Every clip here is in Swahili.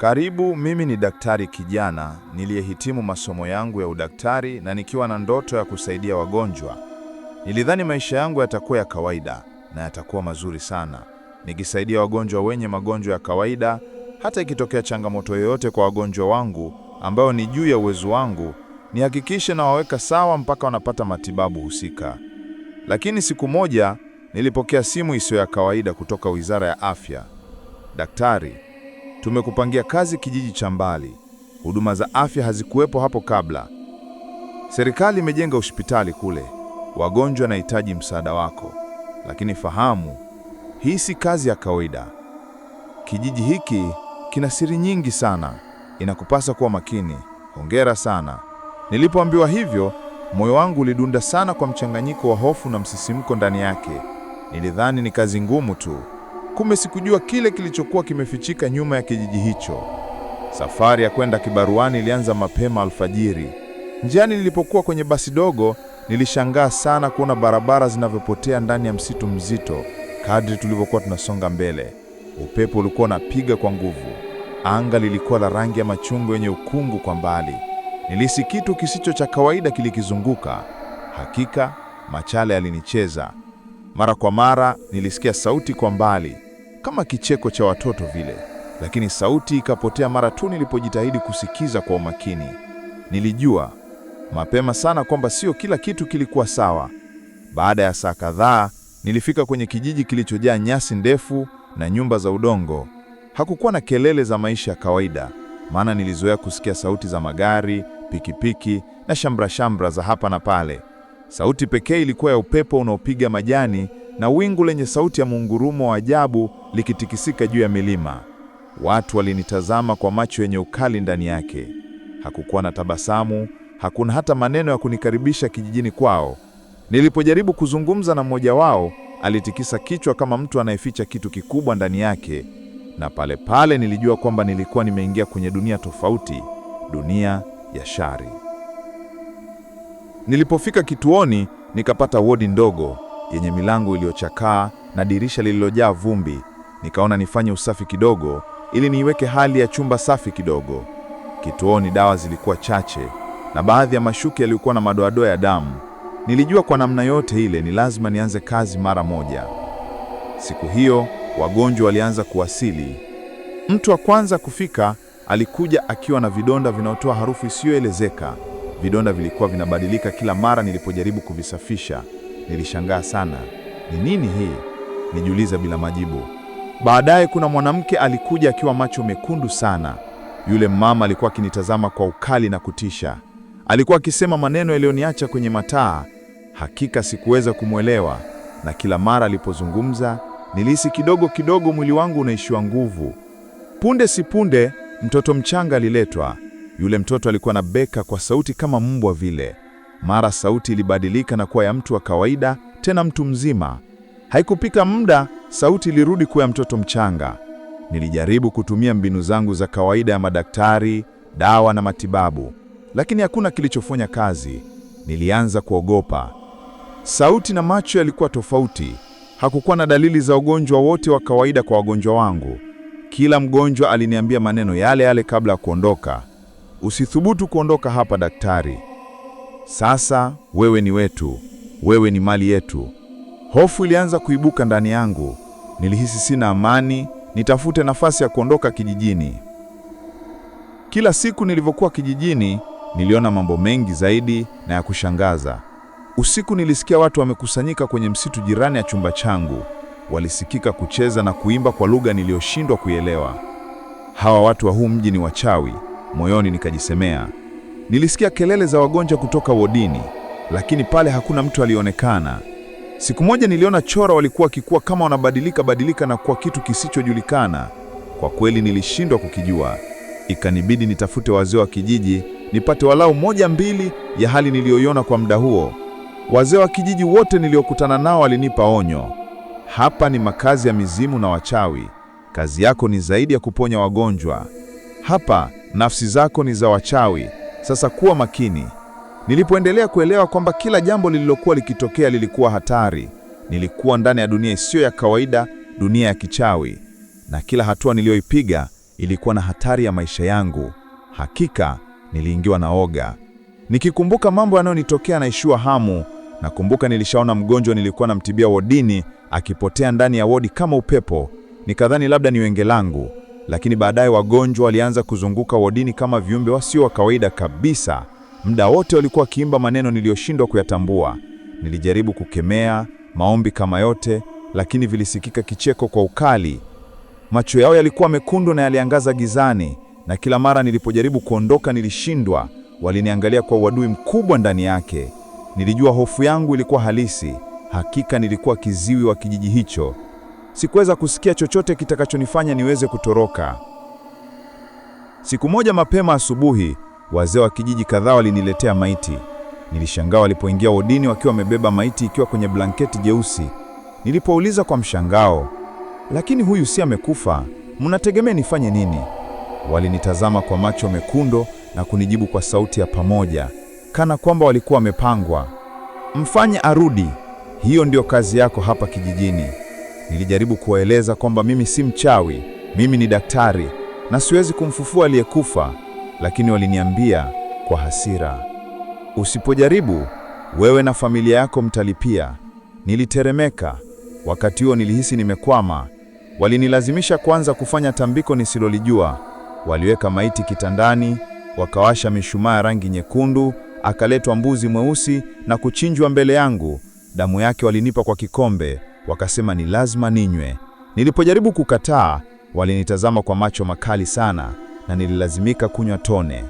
Karibu, mimi ni daktari kijana niliyehitimu masomo yangu ya udaktari na nikiwa na ndoto ya kusaidia wagonjwa. Nilidhani maisha yangu yatakuwa ya kawaida na yatakuwa mazuri sana, nikisaidia wagonjwa wenye magonjwa ya kawaida, hata ikitokea changamoto yoyote kwa wagonjwa wangu ambayo ni juu ya uwezo wangu, nihakikishe nawaweka sawa mpaka wanapata matibabu husika. Lakini siku moja nilipokea simu isiyo ya kawaida kutoka Wizara ya Afya. Daktari Tumekupangia kazi kijiji cha mbali, huduma za afya hazikuwepo hapo kabla. Serikali imejenga hospitali kule, wagonjwa wanahitaji msaada wako. Lakini fahamu, hii si kazi ya kawaida. Kijiji hiki kina siri nyingi sana, inakupasa kuwa makini. Hongera sana. Nilipoambiwa hivyo, moyo wangu ulidunda sana kwa mchanganyiko wa hofu na msisimko ndani yake. Nilidhani ni kazi ngumu tu. Kumbe sikujua kile kilichokuwa kimefichika nyuma ya kijiji hicho. Safari ya kwenda Kibaruani ilianza mapema alfajiri. Njiani nilipokuwa kwenye basi dogo, nilishangaa sana kuona barabara zinavyopotea ndani ya msitu mzito. Kadri tulivyokuwa tunasonga mbele, upepo ulikuwa unapiga kwa nguvu. Anga lilikuwa la rangi ya machungwa yenye ukungu kwa mbali. Nilihisi kitu kisicho cha kawaida kilikizunguka. Hakika machale alinicheza. Mara kwa mara nilisikia sauti kwa mbali, kama kicheko cha watoto vile, lakini sauti ikapotea mara tu nilipojitahidi kusikiza kwa umakini. Nilijua mapema sana kwamba sio kila kitu kilikuwa sawa. Baada ya saa kadhaa nilifika kwenye kijiji kilichojaa nyasi ndefu na nyumba za udongo. Hakukuwa na kelele za maisha ya kawaida, maana nilizoea kusikia sauti za magari, pikipiki na shamra shamra za hapa na pale. Sauti pekee ilikuwa ya upepo unaopiga majani na wingu lenye sauti ya mungurumo wa ajabu likitikisika juu ya milima. Watu walinitazama kwa macho yenye ukali ndani yake. Hakukuwa na tabasamu, hakuna hata maneno ya kunikaribisha kijijini kwao. Nilipojaribu kuzungumza na mmoja wao, alitikisa kichwa kama mtu anayeficha kitu kikubwa ndani yake, na pale pale nilijua kwamba nilikuwa nimeingia kwenye dunia tofauti, dunia ya shari. Nilipofika kituoni, nikapata wodi ndogo yenye milango iliyochakaa na dirisha lililojaa vumbi, nikaona nifanye usafi kidogo ili niiweke hali ya chumba safi kidogo. Kituoni dawa zilikuwa chache na baadhi ya mashuki yalikuwa na madoadoa ya damu. Nilijua kwa namna yote ile ni lazima nianze kazi mara moja. Siku hiyo wagonjwa walianza kuwasili. Mtu wa kwanza kufika alikuja akiwa na vidonda vinaotoa harufu isiyoelezeka. Vidonda vilikuwa vinabadilika kila mara nilipojaribu kuvisafisha. Nilishangaa sana, ni nini hii? Nijiuliza bila majibu. Baadaye kuna mwanamke alikuja akiwa macho mekundu sana. Yule mama alikuwa akinitazama kwa ukali na kutisha. Alikuwa akisema maneno yaliyoniacha kwenye mataa. Hakika sikuweza kumwelewa, na kila mara alipozungumza nilihisi kidogo kidogo mwili wangu unaishiwa nguvu. Punde si punde, mtoto mchanga aliletwa. Yule mtoto alikuwa na beka kwa sauti kama mbwa vile. Mara sauti ilibadilika na kuwa ya mtu wa kawaida, tena mtu mzima. haikupika muda, sauti ilirudi kuwa ya mtoto mchanga. Nilijaribu kutumia mbinu zangu za kawaida ya madaktari, dawa na matibabu, lakini hakuna kilichofanya kazi. Nilianza kuogopa. Sauti na macho yalikuwa tofauti. Hakukuwa na dalili za ugonjwa wote wa kawaida kwa wagonjwa wangu. Kila mgonjwa aliniambia maneno yale yale kabla ya kuondoka: usithubutu kuondoka hapa daktari. Sasa wewe ni wetu, wewe ni mali yetu. Hofu ilianza kuibuka ndani yangu, nilihisi sina amani, nitafute nafasi ya kuondoka kijijini. Kila siku nilivyokuwa kijijini, niliona mambo mengi zaidi na ya kushangaza. Usiku nilisikia watu wamekusanyika kwenye msitu jirani ya chumba changu, walisikika kucheza na kuimba kwa lugha niliyoshindwa kuielewa. Hawa watu wa huu mji ni wachawi, moyoni nikajisemea. Nilisikia kelele za wagonjwa kutoka wodini, lakini pale hakuna mtu alionekana. Siku moja niliona chora walikuwa wakikuwa kama wanabadilika badilika na kuwa kitu kisichojulikana. Kwa kweli nilishindwa kukijua, ikanibidi nitafute wazee wa kijiji nipate walau moja mbili ya hali niliyoiona kwa muda huo. Wazee wa kijiji wote niliokutana nao walinipa onyo: hapa ni makazi ya mizimu na wachawi. Kazi yako ni zaidi ya kuponya wagonjwa, hapa nafsi zako ni za wachawi. Sasa kuwa makini. Nilipoendelea kuelewa kwamba kila jambo lililokuwa likitokea lilikuwa hatari, nilikuwa ndani ya dunia isiyo ya kawaida, dunia ya kichawi, na kila hatua niliyoipiga ilikuwa na hatari ya maisha yangu. Hakika niliingiwa na oga. Nikikumbuka mambo yanayonitokea naishiwa hamu. Nakumbuka nilishaona mgonjwa nilikuwa namtibia wodini akipotea ndani ya wodi kama upepo. Nikadhani labda ni wenge langu, lakini baadaye wagonjwa walianza kuzunguka wodini kama viumbe wasio wa kawaida kabisa. Muda wote walikuwa wakiimba maneno niliyoshindwa kuyatambua. Nilijaribu kukemea maombi kama yote, lakini vilisikika kicheko kwa ukali. Macho yao yalikuwa mekundu na yaliangaza gizani, na kila mara nilipojaribu kuondoka nilishindwa. Waliniangalia kwa uadui mkubwa ndani yake. Nilijua hofu yangu ilikuwa halisi. Hakika nilikuwa kiziwi wa kijiji hicho sikuweza kusikia chochote kitakachonifanya niweze kutoroka. Siku moja mapema asubuhi, wazee wa kijiji kadhaa waliniletea maiti. Nilishangaa walipoingia wodini wakiwa wamebeba maiti ikiwa kwenye blanketi jeusi. Nilipouliza kwa mshangao, lakini huyu si amekufa, mnategemea nifanye nini? Walinitazama kwa macho mekundo na kunijibu kwa sauti ya pamoja, kana kwamba walikuwa wamepangwa. Mfanye arudi, hiyo ndio kazi yako hapa kijijini. Nilijaribu kuwaeleza kwamba mimi si mchawi, mimi ni daktari na siwezi kumfufua aliyekufa, lakini waliniambia kwa hasira, usipojaribu wewe na familia yako mtalipia. Niliteremeka. Wakati huo nilihisi nimekwama. Walinilazimisha kwanza kufanya tambiko nisilolijua. Waliweka maiti kitandani, wakawasha mishumaa ya rangi nyekundu, akaletwa mbuzi mweusi na kuchinjwa mbele yangu. Damu yake walinipa kwa kikombe wakasema ni lazima ninywe. Nilipojaribu kukataa, walinitazama kwa macho makali sana na nililazimika kunywa tone.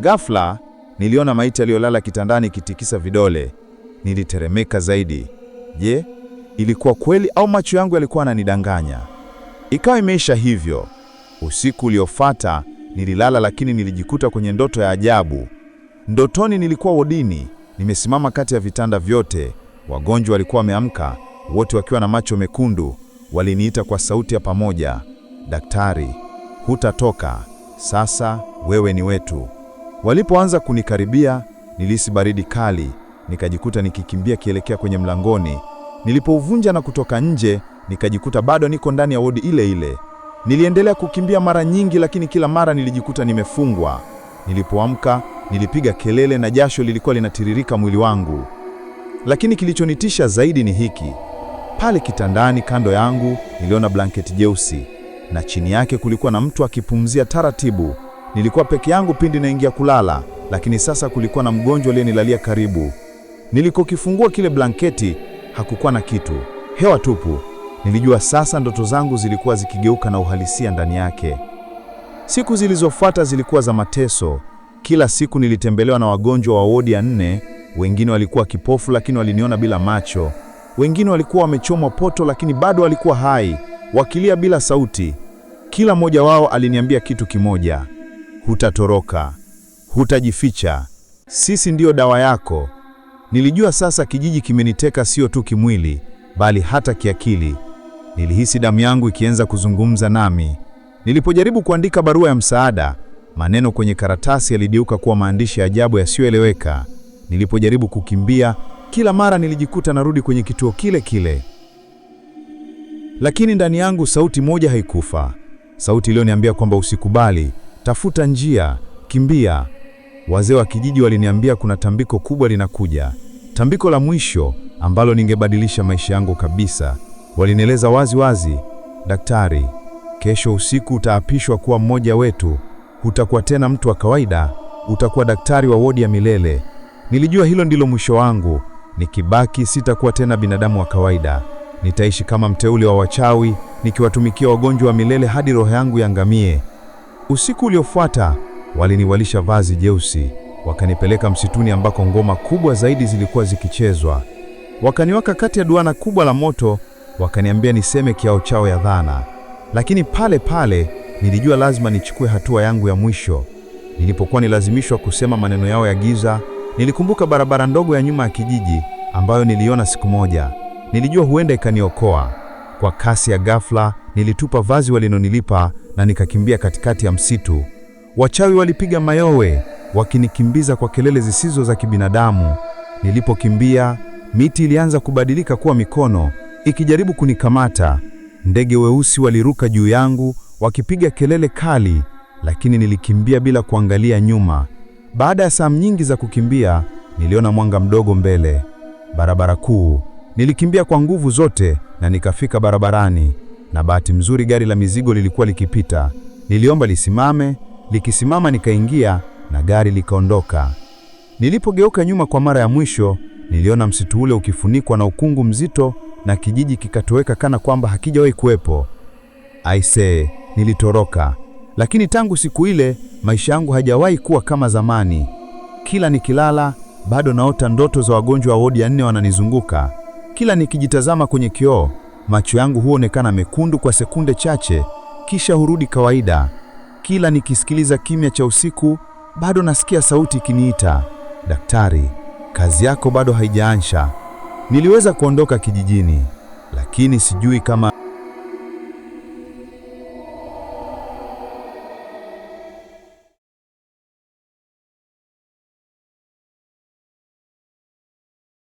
Ghafla niliona maiti aliyolala kitandani kitikisa vidole. Niliteremeka zaidi. Je, ilikuwa kweli au macho yangu yalikuwa yananidanganya? Ikawa imeisha hivyo. Usiku uliofuata nililala, lakini nilijikuta kwenye ndoto ya ajabu. Ndotoni nilikuwa wodini, nimesimama kati ya vitanda vyote, wagonjwa walikuwa wameamka wote wakiwa na macho mekundu waliniita kwa sauti ya pamoja, daktari, hutatoka sasa, wewe ni wetu. Walipoanza kunikaribia, nilihisi baridi kali, nikajikuta nikikimbia kielekea kwenye mlangoni. Nilipouvunja na kutoka nje, nikajikuta bado niko ndani ya wodi ile ile. Niliendelea kukimbia mara nyingi, lakini kila mara nilijikuta nimefungwa. Nilipoamka nilipiga kelele na jasho lilikuwa linatiririka mwili wangu, lakini kilichonitisha zaidi ni hiki. Pale kitandani kando yangu niliona blanketi jeusi na chini yake kulikuwa na mtu akipumzia taratibu. Nilikuwa peke yangu pindi naingia kulala, lakini sasa kulikuwa na mgonjwa aliyenilalia karibu. Nilikokifungua kile blanketi hakukuwa na kitu, hewa tupu. Nilijua sasa ndoto zangu zilikuwa zikigeuka na uhalisia ndani yake. Siku zilizofuata zilikuwa za mateso. Kila siku nilitembelewa na wagonjwa wa wodi ya nne. Wengine walikuwa kipofu, lakini waliniona bila macho. Wengine walikuwa wamechomwa poto, lakini bado walikuwa hai, wakilia bila sauti. Kila mmoja wao aliniambia kitu kimoja: hutatoroka, hutajificha, sisi ndiyo dawa yako. Nilijua sasa kijiji kimeniteka, sio tu kimwili, bali hata kiakili. Nilihisi damu yangu ikianza kuzungumza nami. Nilipojaribu kuandika barua ya msaada, maneno kwenye karatasi yaligeuka kuwa maandishi ya ajabu yasiyoeleweka. Nilipojaribu kukimbia kila mara nilijikuta narudi kwenye kituo kile kile, lakini ndani yangu sauti moja haikufa, sauti iliyoniambia kwamba usikubali, tafuta njia, kimbia. Wazee wa kijiji waliniambia kuna tambiko kubwa linakuja, tambiko la mwisho ambalo ningebadilisha maisha yangu kabisa. Walinieleza wazi wazi, daktari, kesho usiku utaapishwa kuwa mmoja wetu. Hutakuwa tena mtu wa kawaida, utakuwa daktari wa wodi ya milele. Nilijua hilo ndilo mwisho wangu. Nikibaki sitakuwa tena binadamu wa kawaida, nitaishi kama mteule wa wachawi, nikiwatumikia wagonjwa wa milele hadi roho yangu yangamie. Usiku uliofuata waliniwalisha vazi jeusi, wakanipeleka msituni ambako ngoma kubwa zaidi zilikuwa zikichezwa. Wakaniwaka kati ya duana kubwa la moto, wakaniambia niseme kiao chao ya dhana, lakini pale pale nilijua lazima nichukue hatua yangu ya mwisho. Nilipokuwa nilazimishwa kusema maneno yao ya giza Nilikumbuka barabara ndogo ya nyuma ya kijiji ambayo niliona siku moja. Nilijua huenda ikaniokoa. Kwa kasi ya ghafla, nilitupa vazi walilonilipa na nikakimbia katikati ya msitu. Wachawi walipiga mayowe wakinikimbiza kwa kelele zisizo za kibinadamu. Nilipokimbia, miti ilianza kubadilika kuwa mikono ikijaribu kunikamata. Ndege weusi waliruka juu yangu wakipiga kelele kali, lakini nilikimbia bila kuangalia nyuma. Baada ya saa nyingi za kukimbia, niliona mwanga mdogo mbele, barabara kuu. Nilikimbia kwa nguvu zote na nikafika barabarani, na bahati mzuri gari la mizigo lilikuwa likipita. Niliomba lisimame, likisimama nikaingia na gari likaondoka. Nilipogeuka nyuma kwa mara ya mwisho, niliona msitu ule ukifunikwa na ukungu mzito na kijiji kikatoweka kana kwamba hakijawahi kuwepo. Aisee, nilitoroka. Lakini tangu siku ile maisha yangu hajawahi kuwa kama zamani. Kila nikilala bado naota ndoto za wagonjwa wa wodi ya nne wananizunguka. Kila nikijitazama kwenye kioo, macho yangu huonekana mekundu kwa sekunde chache, kisha hurudi kawaida. Kila nikisikiliza kimya cha usiku, bado nasikia sauti ikiniita, daktari, kazi yako bado haijaansha. Niliweza kuondoka kijijini, lakini sijui kama